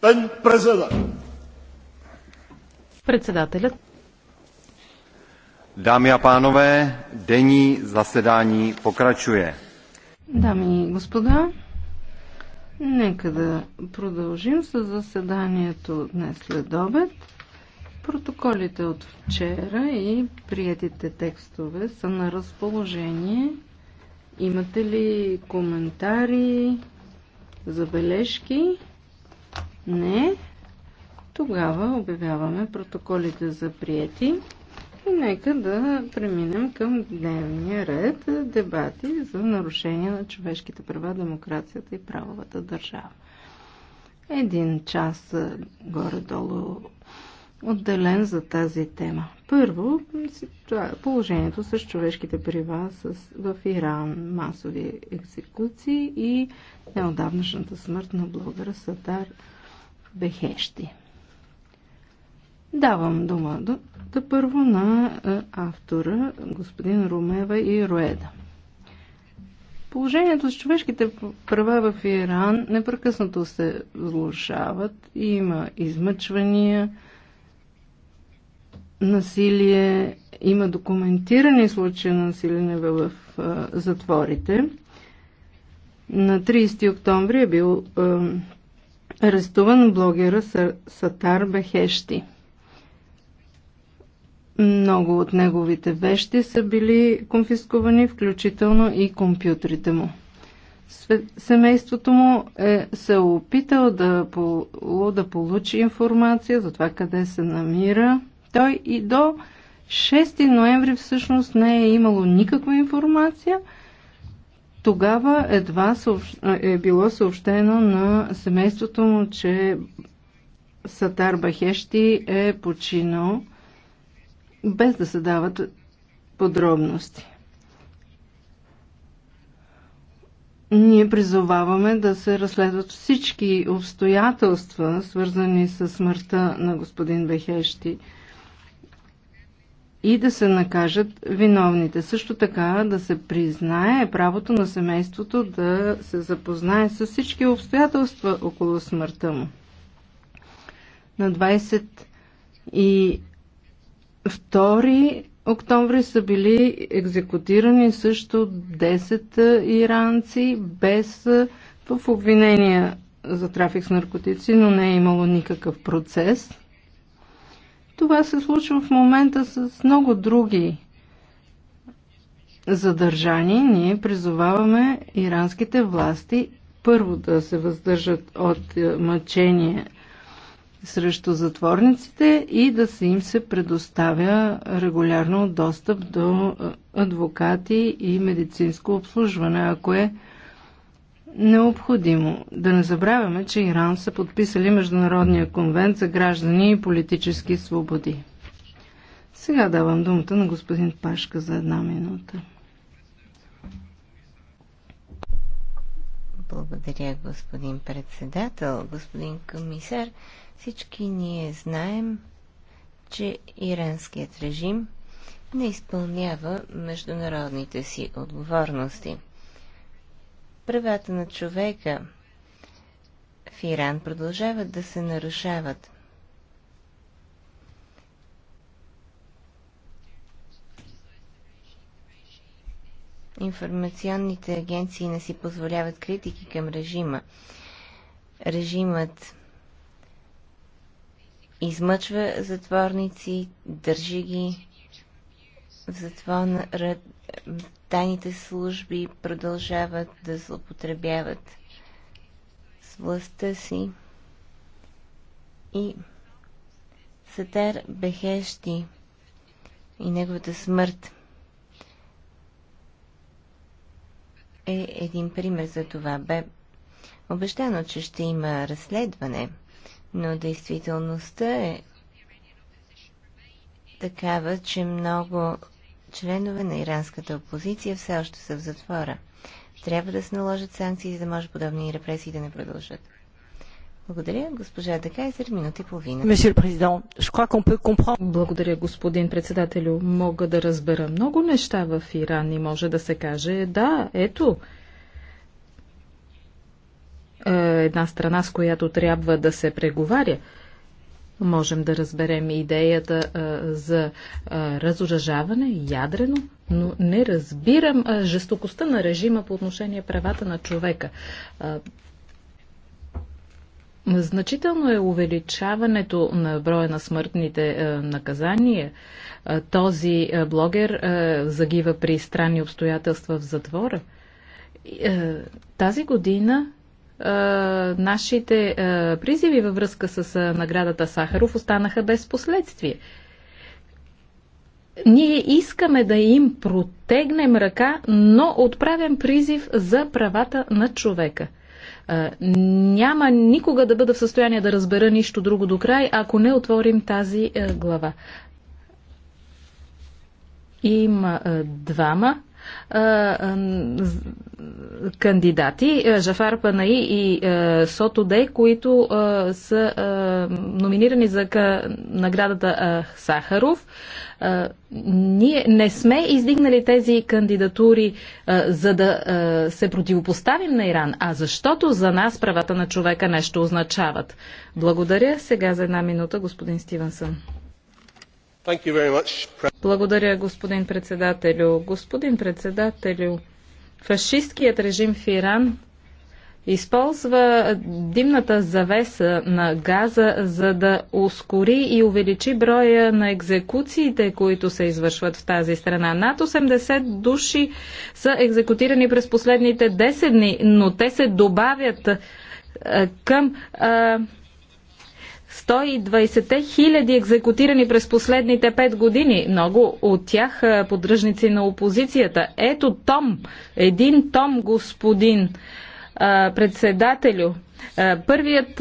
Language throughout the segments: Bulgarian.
Пен Председателят. Дами и панове, дени zasedání покрачуе. Дами и господа, нека да продължим с заседанието днес след обед. Протоколите от вчера и приятите текстове са на разположение. Имате ли коментари, забележки? Не. Тогава обявяваме протоколите за приети. И нека да преминем към дневния ред дебати за нарушение на човешките права, демокрацията и правовата държава. Един час горе-долу отделен за тази тема. Първо, е положението с човешките права с, в Иран, масови екзекуции и неодавнашната смърт на блогъра Сатар Бехещи. Давам дума да, да първо на е, автора, господин Румева и Роеда. Положението с човешките права в Иран непрекъснато се влушават. Има измъчвания, насилие, има документирани случаи на насилие в е, затворите. На 30 октомври е бил е, арестуван блогера Сатар Бехещи. Много от неговите вещи са били конфискувани, включително и компютрите му. Семейството му е, се е опитал да, да получи информация за това къде се намира. Той и до 6 ноември всъщност не е имало никаква информация – тогава едва е било съобщено на семейството му, че Сатар Бахещи е починал, без да се дават подробности. Ние призоваваме да се разследват всички обстоятелства, свързани с смъртта на господин Бехещи и да се накажат виновните. Също така да се признае правото на семейството да се запознае с всички обстоятелства около смъртта му. На 22 октомври са били екзекутирани също 10 иранци без в обвинения за трафик с наркотици, но не е имало никакъв процес. Това се случва в момента с много други задържани. Ние призоваваме иранските власти първо да се въздържат от е, мъчение срещу затворниците и да се им се предоставя регулярно достъп до е, адвокати и медицинско обслужване, ако е необходимо. Да не забравяме, че Иран са подписали Международния конвент за граждани и политически свободи. Сега давам думата на господин Пашка за една минута. Благодаря, господин председател, господин комисар. Всички ние знаем, че иранският режим не изпълнява международните си отговорности – Правата на човека в Иран продължават да се нарушават. Информационните агенции не си позволяват критики към режима. Режимът измъчва затворници, държи ги в затвора тайните служби продължават да злоупотребяват с властта си и Сатар Бехещи и неговата смърт е един пример за това. Бе обещано, че ще има разследване, но действителността е такава, че много членове на иранската опозиция все още са в затвора. Трябва да се наложат санкции, за да може подобни репресии да не продължат. Благодаря. Госпожа Декайзер, минута и половина. Благодаря, господин председателю. Мога да разбера много неща в Иран и може да се каже, да, ето, е, една страна, с която трябва да се преговаря можем да разберем идеята а, за а, разоръжаване, ядрено, но не разбирам а, жестокостта на режима по отношение правата на човека. А, Значително е увеличаването на броя на смъртните наказания. Този блогер загива при странни обстоятелства в затвора. Тази година е, нашите е, призиви във връзка с е, наградата Сахаров останаха без последствие. Ние искаме да им протегнем ръка, но отправям призив за правата на човека. Няма никога да бъда в състояние да разбера нищо друго до край, ако не отворим тази глава. Има двама кандидати Жафар Панаи и Сото Дей, които са номинирани за наградата Сахаров. Ние не сме издигнали тези кандидатури за да се противопоставим на Иран, а защото за нас правата на човека нещо означават. Благодаря. Сега за една минута господин Стивенсън. Благодаря, господин председателю. Господин председателю, фашистският режим в Иран използва димната завеса на газа, за да ускори и увеличи броя на екзекуциите, които се извършват в тази страна. Над 80 души са екзекутирани през последните 10 дни, но те се добавят към 120 хиляди екзекутирани през последните 5 години, много от тях е, поддръжници на опозицията. Ето том, един том, господин е, председателю. Е, първият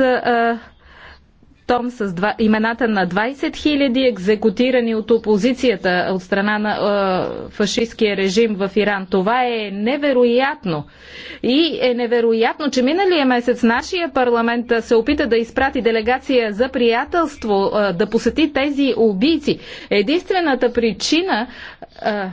том с два, имената на 20 000 екзекутирани от опозицията от страна на е, фашистския режим в Иран. Това е невероятно. И е невероятно, че миналия месец нашия парламент се опита да изпрати делегация за приятелство, е, да посети тези убийци. Единствената причина. Е,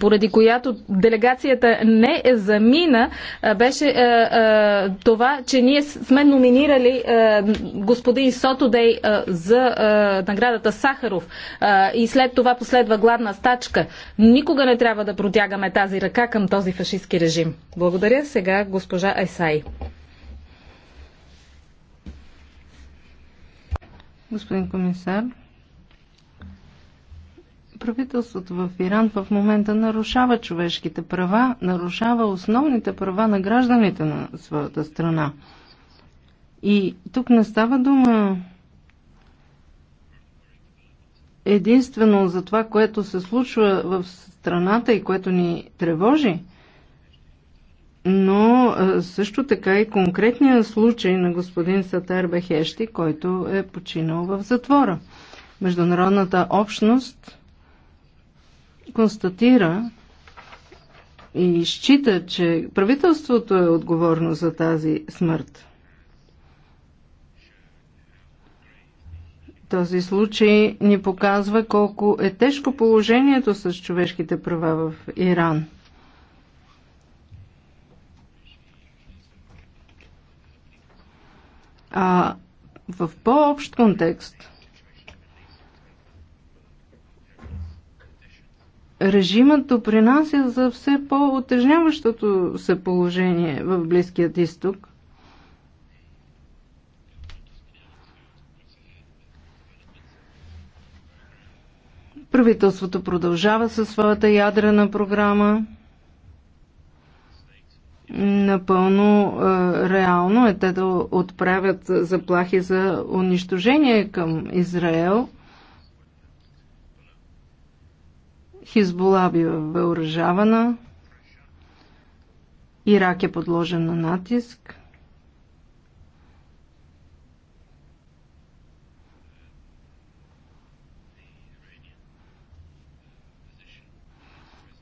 поради която делегацията не е замина, беше е, е, това, че ние сме номинирали е, господин Сотодей за наградата Сахаров и след това последва гладна стачка. Никога не трябва да протягаме тази ръка към този фашистски режим. Благодаря сега госпожа Айсай. Господин комисар, правителството в Иран в момента нарушава човешките права, нарушава основните права на гражданите на своята страна. И тук не става дума единствено за това, което се случва в страната и което ни тревожи, но също така и конкретния случай на господин Сатар Бехещи, който е починал в затвора. Международната общност констатира и счита, че правителството е отговорно за тази смърт. Този случай ни показва колко е тежко положението с човешките права в Иран. А в по-общ контекст – режимът допринася за все по-отежняващото се положение в Близкият изток. Правителството продължава със своята ядрена програма. Напълно е, реално е те да отправят заплахи за унищожение към Израел – Хизбола бива въоръжавана. Ирак е подложен на натиск.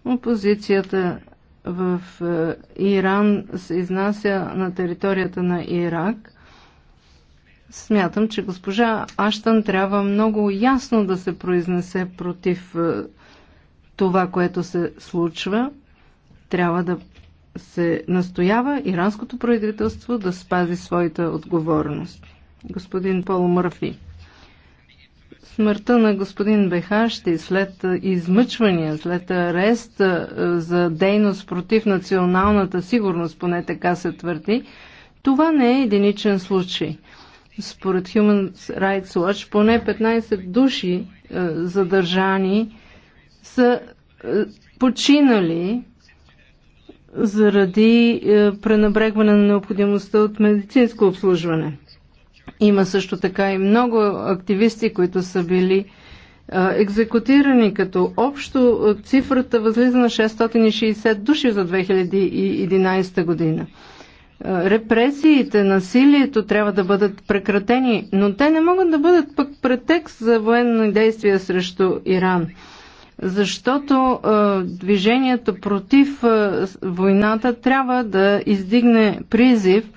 Опозицията в е, Иран се изнася на територията на Ирак. Смятам, че госпожа Аштан трябва много ясно да се произнесе против е, това, което се случва, трябва да се настоява иранското правителство да спази своята отговорност. Господин Пол Мърфи. Смъртта на господин Бехащи е след измъчвания, след арест за дейност против националната сигурност, поне така се твърди, това не е единичен случай. Според Human Rights Watch поне 15 души задържани са е, починали заради е, пренабрегване на необходимостта от медицинско обслужване. Има също така и много активисти, които са били е, екзекутирани, като общо цифрата възлиза на 660 души за 2011 година. Репресиите, насилието трябва да бъдат прекратени, но те не могат да бъдат пък претекст за военни действия срещу Иран защото а, е, движението против а, е, войната трябва да издигне призив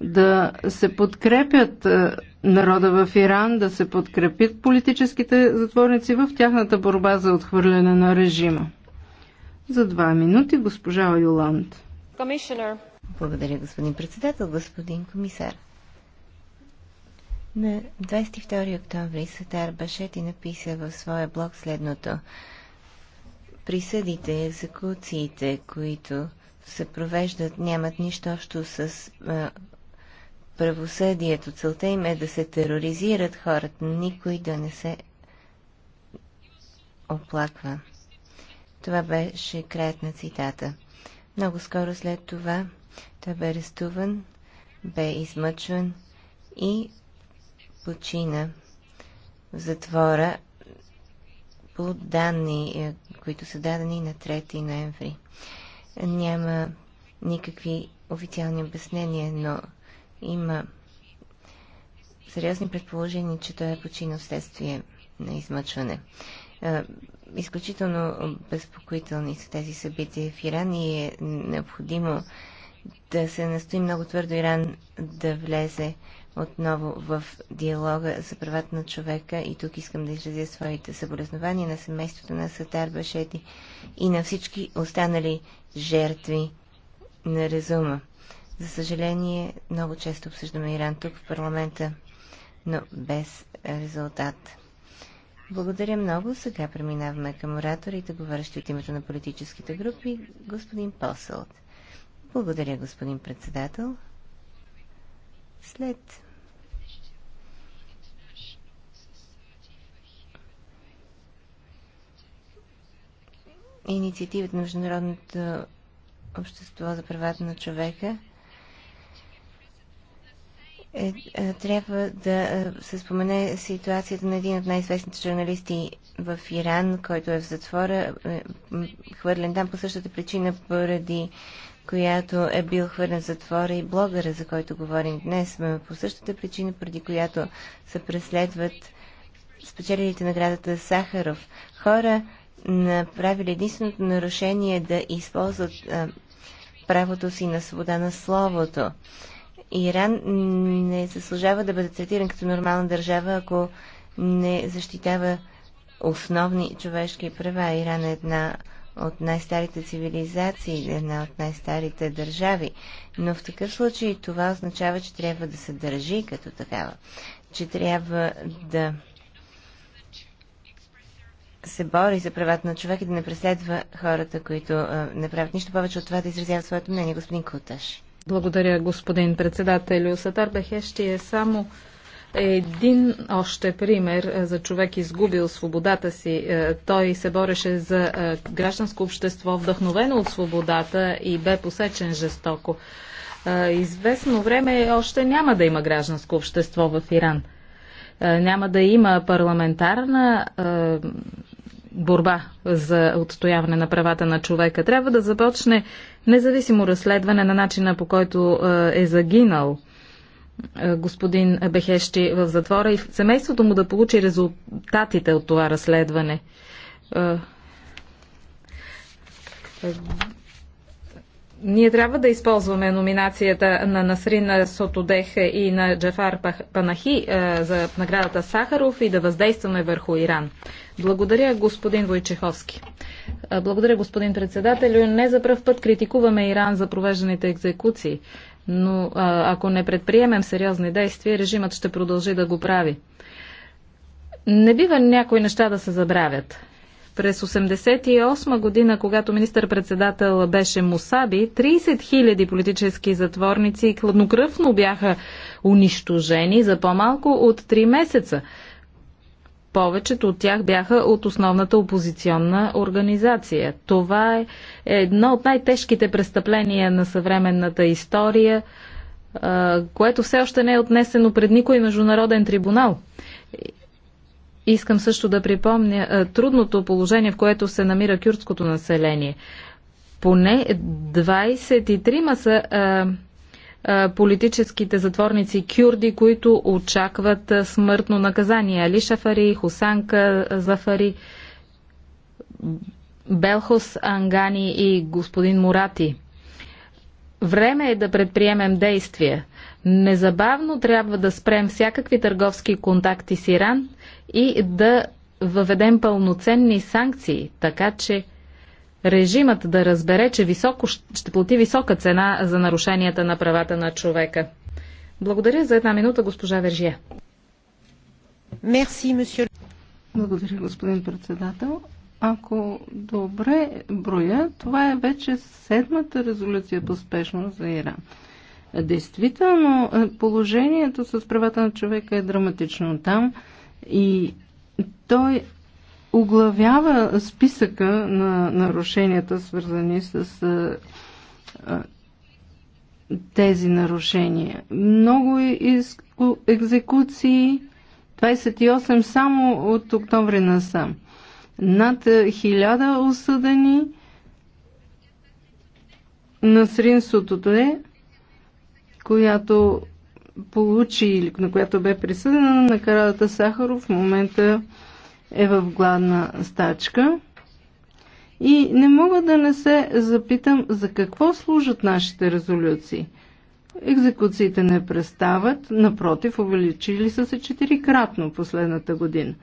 да се подкрепят а, е, народа в Иран, да се подкрепят политическите затворници в тяхната борба за отхвърляне на режима. За два минути госпожа Юланд. Благодаря, господин председател, господин комисар. На 22 октомври Сатар Башети е написа в своя блог следното. Присъдите, екзекуциите, които се провеждат, нямат нищо общо с а, правосъдието. Целта им е да се тероризират хората, никой да не се оплаква. Това беше краят на цитата. Много скоро след това той бе арестуван, бе измъчван и почина в затвора по данни, е, които са дадени на 3 ноември. Няма никакви официални обяснения, но има сериозни предположения, че той е починал вследствие на измъчване. Е, изключително безпокоителни са тези събития в Иран и е необходимо да се настои много твърдо Иран да влезе отново в диалога за правата на човека и тук искам да изразя своите съболезнования на семейството на Сатар Башети и на всички останали жертви на резума. За съжаление, много често обсъждаме Иран тук в парламента, но без резултат. Благодаря много. Сега преминаваме към ораторите, говорещи от името на политическите групи. Господин Посълт. Благодаря, господин председател. След инициативата на Международното общество за правата на човека е, е, трябва да е, се спомене ситуацията на един от най-известните журналисти в Иран, който е в затвора, е, хвърлен там по същата причина поради която е бил хвърлен затвора и блогъра, за който говорим днес, сме по същата причина, преди която се преследват спечелилите наградата Сахаров. Хора, направили единственото нарушение да използват а, правото си на свобода на словото. Иран не заслужава да бъде третиран като нормална държава, ако не защитава основни човешки права. Иран е една от най-старите цивилизации, една от най-старите държави. Но в такъв случай това означава, че трябва да се държи като такава, че трябва да се бори за правата на човек и да не преследва хората, които а, не правят нищо повече от това да изразяват своето мнение, господин Куташ. Благодаря, господин председател. Сатар Бехещи е само един още пример е, за човек изгубил свободата си. Е, Той се бореше за е, гражданско общество, вдъхновено от свободата и бе посечен жестоко. Известно време още няма да има гражданско общество в Иран. Няма да има парламентарна борба за отстояване на правата на човека. Трябва да започне независимо разследване на начина по който е загинал е, господин Бехещи в затвора и семейството му да получи резултатите от това разследване. Е, е, ние трябва да използваме номинацията на Насрина Сотодех и на Джафар Панахи за наградата Сахаров и да въздействаме върху Иран. Благодаря, господин Войчеховски. Благодаря, господин председател, Не за пръв път критикуваме Иран за провежданите екзекуции но а, ако не предприемем сериозни действия, режимът ще продължи да го прави. Не бива някои неща да се забравят. През 1988 година, когато министър-председател беше Мусаби, 30 000 политически затворници хладнокръвно бяха унищожени за по-малко от 3 месеца повечето от тях бяха от основната опозиционна организация. Това е едно от най-тежките престъпления на съвременната история, което все още не е отнесено пред никой международен трибунал. Искам също да припомня трудното положение, в което се намира кюртското население. Поне 23 са политическите затворници кюрди, които очакват смъртно наказание. Али Шафари, Хусанка Зафари, Белхос Ангани и господин Мурати. Време е да предприемем действия. Незабавно трябва да спрем всякакви търговски контакти с Иран и да въведем пълноценни санкции, така че режимът да разбере, че високо, ще плати висока цена за нарушенията на правата на човека. Благодаря за една минута, госпожа Вержия. Мерси, месье. Благодаря, господин председател. Ако добре броя, това е вече седмата резолюция по спешност за Иран. Действително, е, положението с правата на човека е драматично там и той оглавява списъка на нарушенията, свързани с е, е, тези нарушения. Много е екзекуции, 28 само от октомври насам. Над 1000 осъдени на Сринсото е, която получи или на която бе присъдена на Карадата Сахаров, в момента е в гладна стачка. И не мога да не се запитам за какво служат нашите резолюции. Екзекуциите не престават, напротив, увеличили са се четирикратно последната година.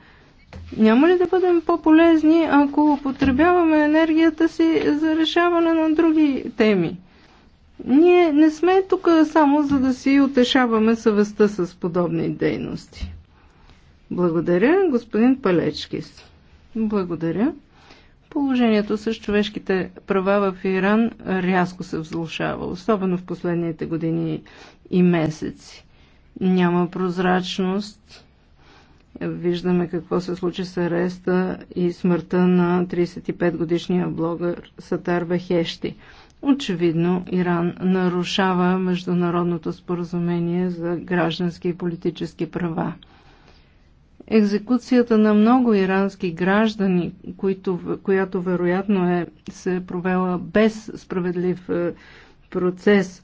Няма ли да бъдем по-полезни, ако употребяваме енергията си за решаване на други теми? Ние не сме тук само за да си утешаваме съвестта с подобни дейности. Благодаря, господин Палечкис. Благодаря. Положението с човешките права в Иран рязко се взлушава, особено в последните години и месеци. Няма прозрачност. Виждаме какво се случи с ареста и смъртта на 35-годишния блогър Сатар Бехещи. Очевидно, Иран нарушава международното споразумение за граждански и политически права екзекуцията на много ирански граждани, които, която вероятно е, се е провела без справедлив е, процес.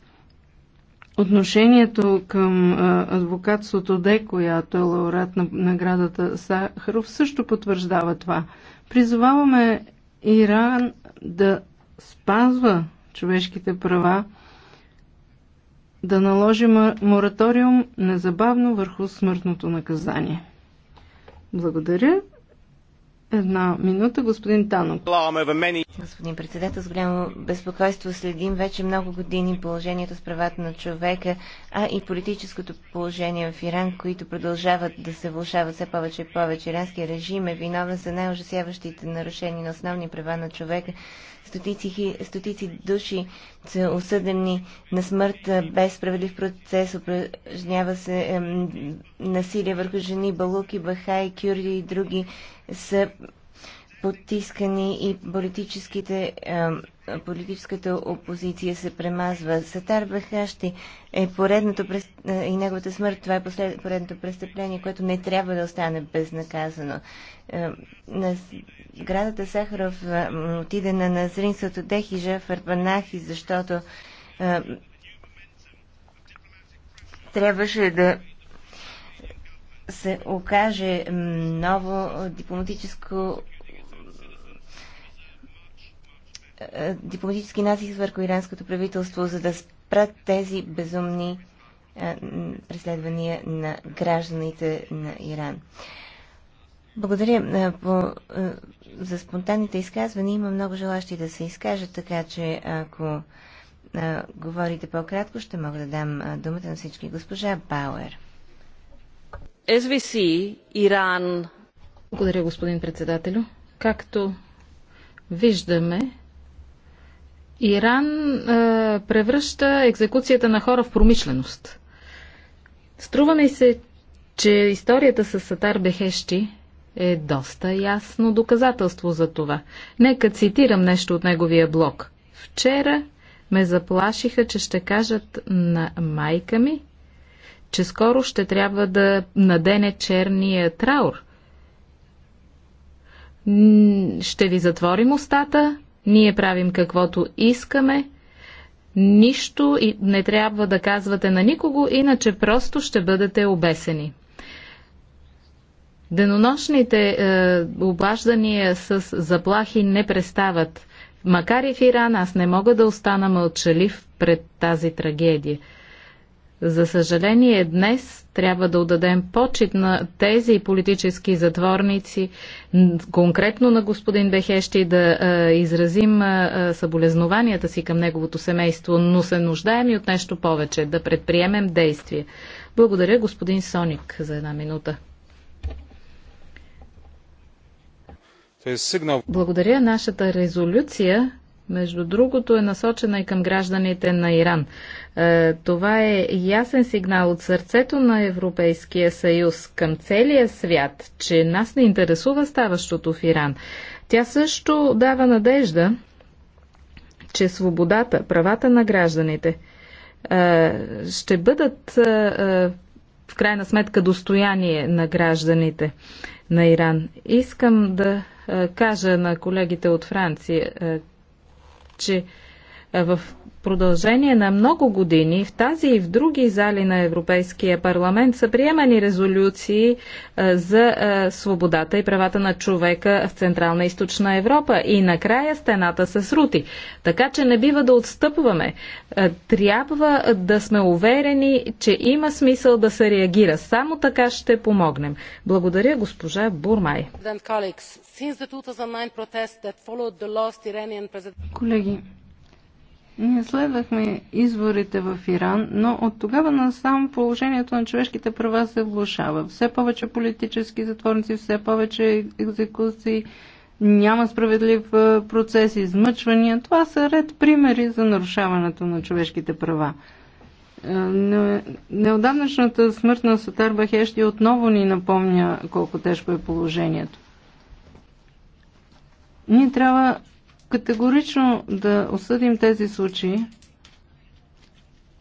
Отношението към е, адвокат Сотоде, която е лауреат на наградата Сахаров, също потвърждава това. Призоваваме Иран да спазва човешките права, да наложи мораториум незабавно върху смъртното наказание. Благодаря. Една минута, господин Танов. Господин председател, с голямо безпокойство следим вече много години положението с правата на човека, а и политическото положение в Иран, които продължават да се влушават все повече и повече. Иранският режим е виновен за най-ужасяващите нарушения на основни права на човека. Стотици, стотици души са осъдени на смърт без справедлив процес. Упражнява се е, насилие върху жени, балуки, бахаи, кюрди и други са потискани и политическите, политическата опозиция се премазва. Сатар Бахащи е поредното прес... и неговата смърт, това е послед... поредното престъпление, което не трябва да остане безнаказано. На градата Сахаров отиде на назринството Дехижа в Арбанахи, защото трябваше да се окаже ново дипломатическо е, дипломатически натиск върху иранското правителство, за да спрат тези безумни е, преследвания на гражданите на Иран. Благодаря. Е, по, за спонтанните изказвания има много желащи да се изкажат, така че ако говорите по-кратко, ще мога да дам думата на всички. Госпожа Бауер. SVC, Иран. Благодаря, господин председателю. Както виждаме, Иран е, превръща екзекуцията на хора в промишленост. Струва ми се, че историята с Сатар Бехещи е доста ясно доказателство за това. Нека цитирам нещо от неговия блог. Вчера ме заплашиха, че ще кажат на майка ми, че скоро ще трябва да надене черния траур. Ще ви затворим устата, ние правим каквото искаме, нищо не трябва да казвате на никого, иначе просто ще бъдете обесени. Денонощните е, обаждания с заплахи не престават. Макар и в Иран, аз не мога да остана мълчалив пред тази трагедия. За съжаление, днес трябва да отдадем почет на тези политически затворници, конкретно на господин Бехещи, да изразим съболезнованията си към неговото семейство, но се нуждаем и от нещо повече, да предприемем действие. Благодаря, господин Соник, за една минута. Благодаря. Нашата резолюция между другото, е насочена и към гражданите на Иран. Е, това е ясен сигнал от сърцето на Европейския съюз към целия свят, че нас не интересува ставащото в Иран. Тя също дава надежда, че свободата, правата на гражданите е, ще бъдат е, в крайна сметка достояние на гражданите на Иран. Искам да кажа на колегите от Франция, че в продължение на много години в тази и в други зали на Европейския парламент са приемани резолюции е, за е, свободата и правата на човека в Централна и Източна Европа. И накрая стената се срути. Така че не бива да отстъпваме. Е, трябва да сме уверени, че има смисъл да се реагира. Само така ще помогнем. Благодаря, госпожа Бурмай. Колеги, ние следвахме изборите в Иран, но от тогава насам положението на човешките права се влушава. Все повече политически затворници, все повече екзекуции, няма справедлив процес, измъчвания. Това са ред примери за нарушаването на човешките права. Неодавнашната смърт на Сатар Бахещи отново ни напомня колко тежко е положението. Ние трябва категорично да осъдим тези случаи,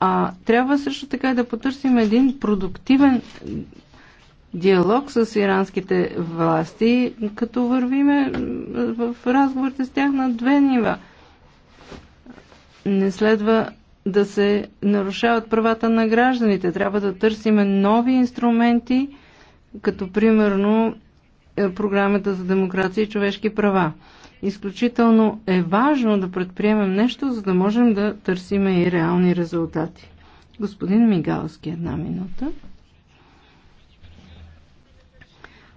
а трябва също така да потърсим един продуктивен диалог с иранските власти, като вървиме в разговорите с тях на две нива. Не следва да се нарушават правата на гражданите. Трябва да търсиме нови инструменти, като примерно е, програмата за демокрация и човешки права. Изключително е важно да предприемем нещо, за да можем да търсиме и реални резултати. Господин Мигалски, една минута.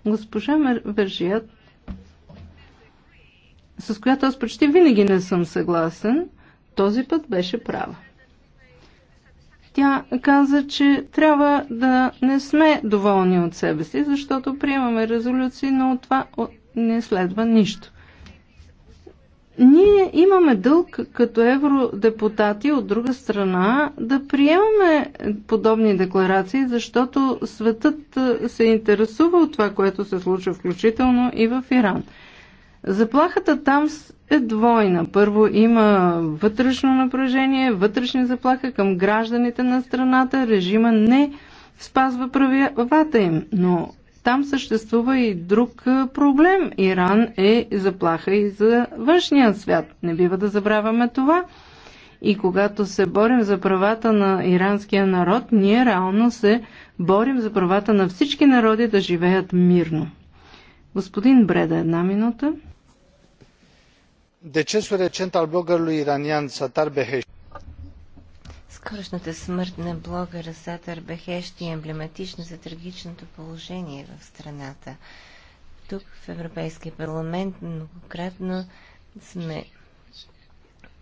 Госпожа Вержият, с която аз почти винаги не съм съгласен, този път беше права. Тя каза, че трябва да не сме доволни от себе си, защото приемаме резолюции, но от това не следва нищо. Ние имаме дълг като евродепутати от друга страна да приемаме подобни декларации, защото светът се интересува от това, което се случва включително и в Иран. Заплахата там е двойна. Първо има вътрешно напрежение, вътрешни заплаха към гражданите на страната, режима не спазва правилата им, но там съществува и друг проблем. Иран е заплаха и за външния свят. Не бива да забравяме това. И когато се борим за правата на иранския народ, ние реално се борим за правата на всички народи да живеят мирно. Господин Бреда, една минута. Decesul recent al bloggerului iranian Satar Behesh Скорошната смърт на блогъра Сатър Бехещи е емблематична за трагичното положение в страната. Тук в Европейския парламент многократно сме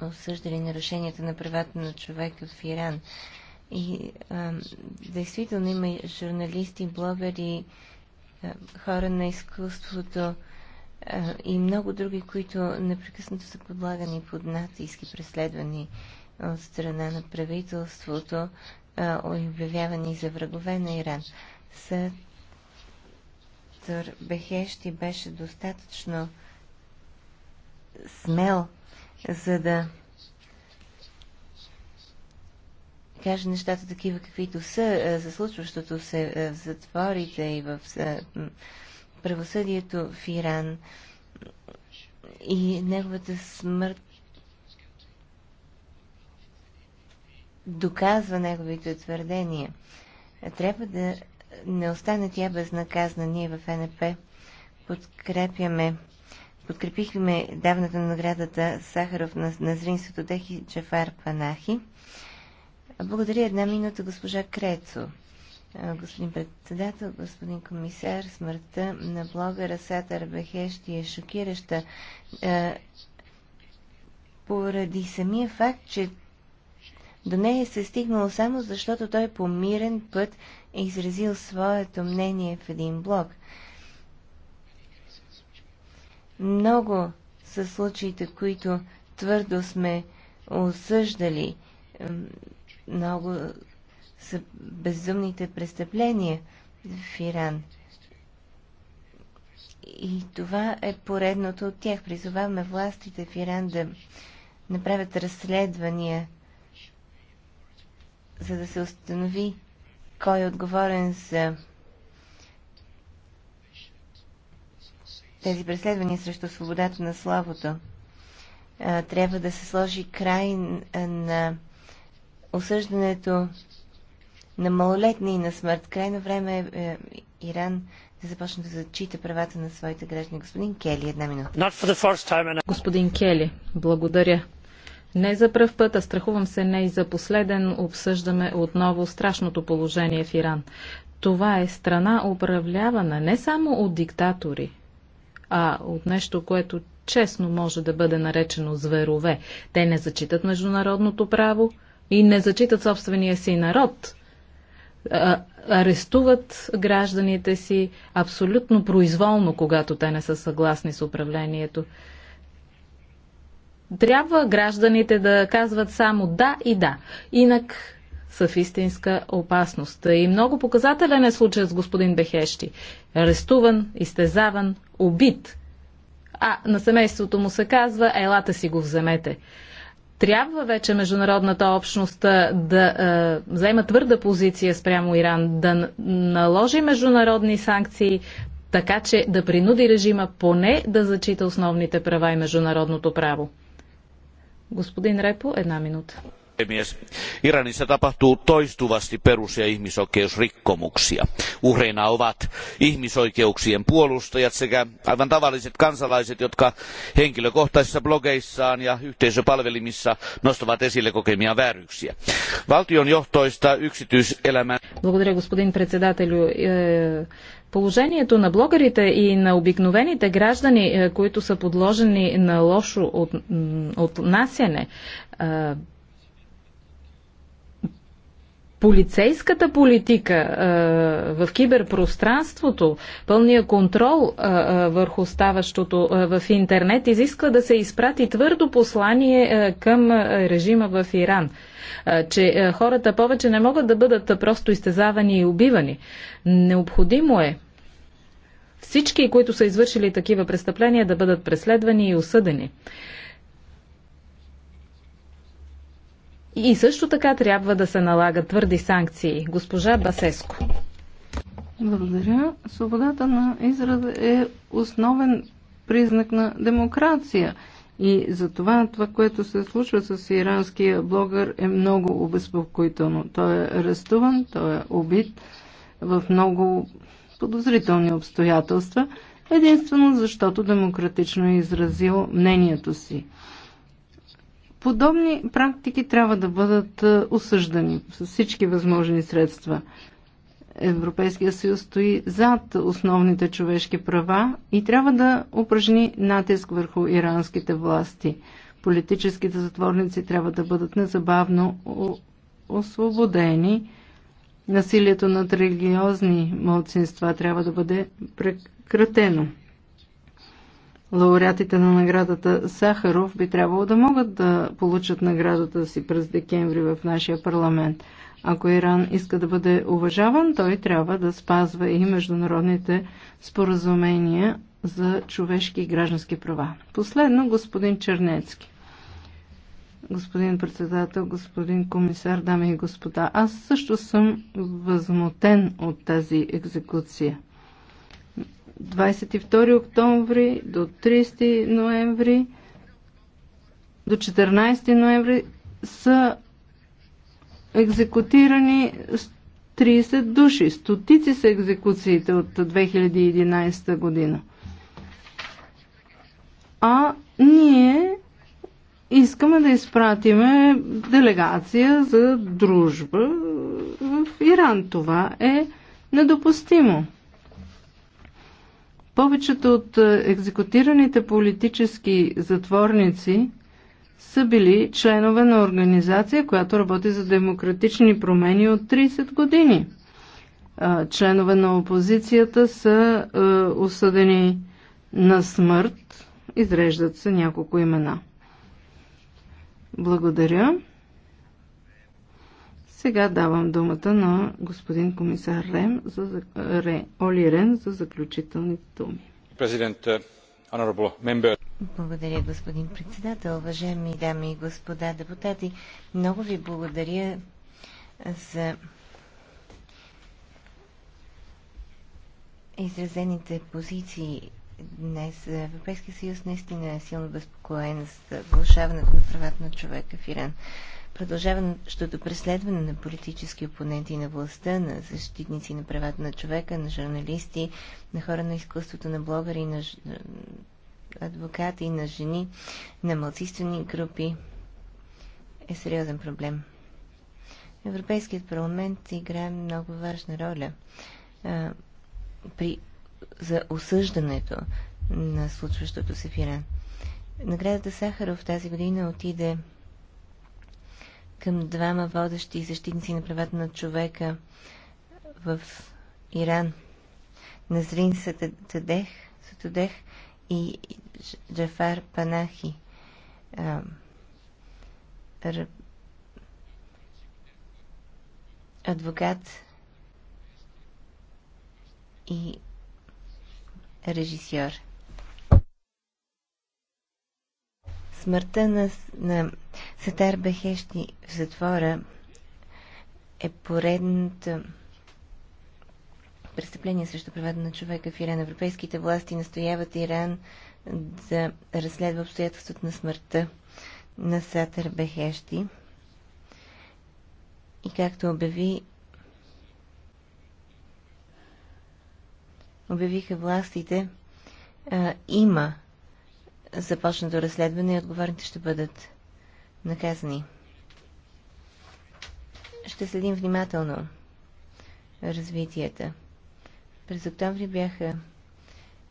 осъждали нарушенията на правата на човека в Иран. И а, действително има и журналисти, блогъри, а, хора на изкуството а, и много други, които непрекъснато са подлагани под натиски, преследвания от страна на правителството, обявявани за врагове на Иран. Сътър Бехещи беше достатъчно смел, за да каже нещата такива, каквито са за случващото се в затворите и в правосъдието в Иран. И неговата смърт доказва неговите твърдения. Трябва да не остане тя безнаказана. Ние в НП подкрепяме подкрепихме давната наградата Сахаров на, на зринството Техи Джафар Панахи. Благодаря една минута госпожа Крецо. Господин председател, господин комисар, смъртта на блогъра Сатар Бехещи е шокираща поради самия факт, че до нея се е стигнало само защото той по мирен път е изразил своето мнение в един блог. Много са случаите, които твърдо сме осъждали. Много са безумните престъпления в Иран. И това е поредното от тях. Призоваваме властите в Иран да направят разследвания за да се установи кой е отговорен за тези преследвания срещу свободата на славото. Трябва да се сложи край на осъждането на малолетни и на смърт. Крайно време е, е Иран да започне да зачита правата на своите граждани. Господин Кели, една минута. Господин Кели, благодаря. Не за пръв път, а страхувам се не и за последен, обсъждаме отново страшното положение в Иран. Това е страна управлявана не само от диктатори, а от нещо, което честно може да бъде наречено зверове. Те не зачитат международното право и не зачитат собствения си народ. А, арестуват гражданите си абсолютно произволно, когато те не са съгласни с управлението. Трябва гражданите да казват само да и да. Инак са в истинска опасност. И много показателен е случай с господин Бехещи. Арестуван, изтезаван, убит. А на семейството му се казва, елата си го вземете трябва вече международната общност да е, взема твърда позиция спрямо Иран, да наложи международни санкции, така че да принуди режима поне да зачита основните права и международното право. Господин Репо, една минута puhemies iranissa tapahtuu toistuvasti perus ja ihmisoikeusrikkomuksia. uhreina ovat ihmisoikeuksien puolustajat sekä aivan tavalliset kansalaiset jotka henkilökohtaisissa blogeissaan ja yhteisöpalvelimissa nostavat esille kokemia vääryksiä. valtionjohtoista yksityiselämän Положението на блогерите и на обикновените граждани, които са подложени на лошо от, отнасяне, полицейската политика а, в киберпространството, пълния контрол а, а, върху ставащото в интернет изисква да се изпрати твърдо послание към режима в Иран, че хората повече не могат да бъдат просто изтезавани и убивани. Необходимо е всички, които са извършили такива престъпления, да бъдат преследвани и осъдени. И също така трябва да се налагат твърди санкции. Госпожа Басеско. Благодаря. Свободата на израз е основен признак на демокрация. И за това, това, което се случва с иранския блогър е много обезпокоително. Той е арестуван, той е убит в много подозрителни обстоятелства, единствено защото демократично е изразил мнението си. Подобни практики трябва да бъдат е, осъждани с всички възможни средства. Европейския съюз стои зад основните човешки права и трябва да упражни натиск върху иранските власти. Политическите затворници трябва да бъдат незабавно освободени. Насилието над религиозни младсинства трябва да бъде прекратено лауреатите на наградата Сахаров би трябвало да могат да получат наградата си през декември в нашия парламент. Ако Иран иска да бъде уважаван, той трябва да спазва и международните споразумения за човешки и граждански права. Последно, господин Чернецки. Господин председател, господин комисар, дами и господа, аз също съм възмутен от тази екзекуция – 22 октомври до 30 ноември до 14 ноември са екзекутирани 30 души. Стотици са екзекуциите от 2011 година. А ние искаме да изпратиме делегация за дружба в Иран. Това е недопустимо. Повечето от е, екзекутираните политически затворници са били членове на организация, която работи за демократични промени от 30 години. Членове на опозицията са е, осъдени на смърт. Изреждат се няколко имена. Благодаря. Сега давам думата на господин комисар Рем, за, Ре, Оли Рен за заключителни думи. Президент, е, благодаря, господин председател. Уважаеми дами и господа депутати, много ви благодаря за изразените позиции днес. Европейския съюз наистина е силно безпокоен за влушаването на правата на човека в Иран продължаващото преследване на политически опоненти на властта, на защитници на правата на човека, на журналисти, на хора на изкуството, на блогъри, на ж... адвокати, на жени, на малцинствени групи е сериозен проблем. Европейският парламент играе много важна роля а, при, за осъждането на случващото се в Иран. Наградата Сахаров тази година отиде към двама водещи защитници на правата на човека в Иран. Назрин Сатадех, Сатадех и Джафар Панахи. Адвокат и режисьор. Смъртта на, на Сатар Бехещи в затвора е поредната престъпление срещу правата на човека в Иран. Европейските власти настояват Иран да разследва обстоятелството на смъртта на Сатар Бехещи. И както обяви обявиха властите, а, има започнато разследване и отговорните ще бъдат наказани. Ще следим внимателно развитията. През октомври бяха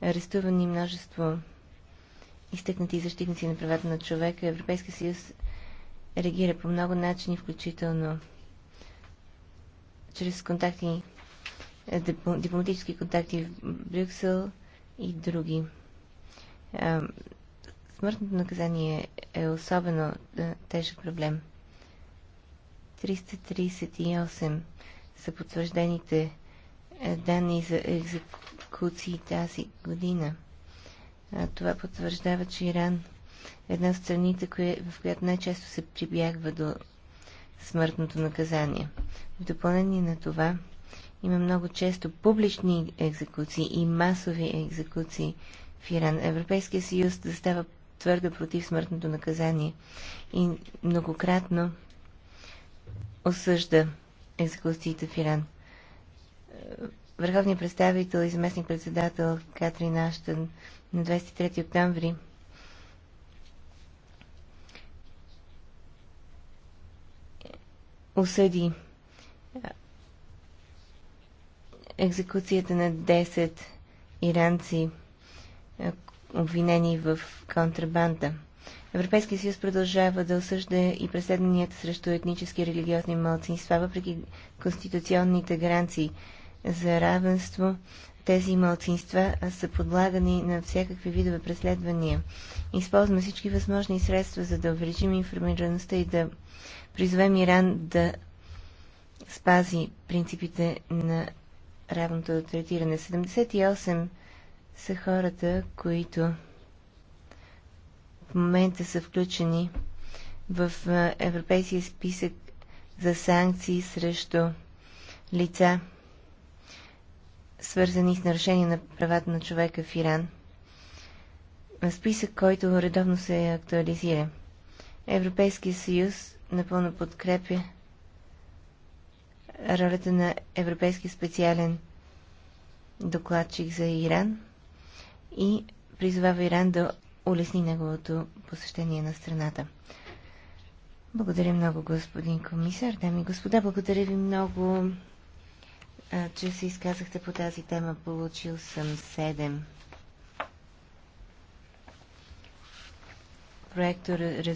арестувани множество изтъкнати защитници на правата на човека. Европейския съюз реагира по много начини, включително чрез контакти, дипломатически контакти в Брюксел и други смъртното наказание е особено е, тежък проблем. 338 са потвърждените е, данни за екзекуции тази година. Това потвърждава, че Иран е една от страните, в която най-често се прибягва до смъртното наказание. В допълнение на това има много често публични екзекуции и масови екзекуции в Иран. Европейския съюз застава твърдо против смъртното наказание и многократно осъжда екзекуциите в Иран. Върховният представител и заместник председател Катрин Аштън на 23 октомври осъди екзекуцията на 10 иранци, обвинени в контрабанда. Европейския съюз продължава да осъжда и преследванията срещу етнически и религиозни малцинства, въпреки конституционните гаранции за равенство. Тези малцинства са подлагани на всякакви видове преследвания. Използваме всички възможни средства, за да увеличим информираността и да призовем Иран да спази принципите на равното третиране. 78 са хората, които в момента са включени в Европейския списък за санкции срещу лица, свързани с нарушение на правата на човека в Иран. Списък, който редовно се актуализира. Европейския съюз напълно подкрепя ролята на Европейски специален докладчик за Иран – и призвава Иран да улесни неговото посещение на страната. Благодаря много, господин комисар. Дами и господа, благодаря ви много, че се изказахте по тази тема. Получил съм 7. Проектор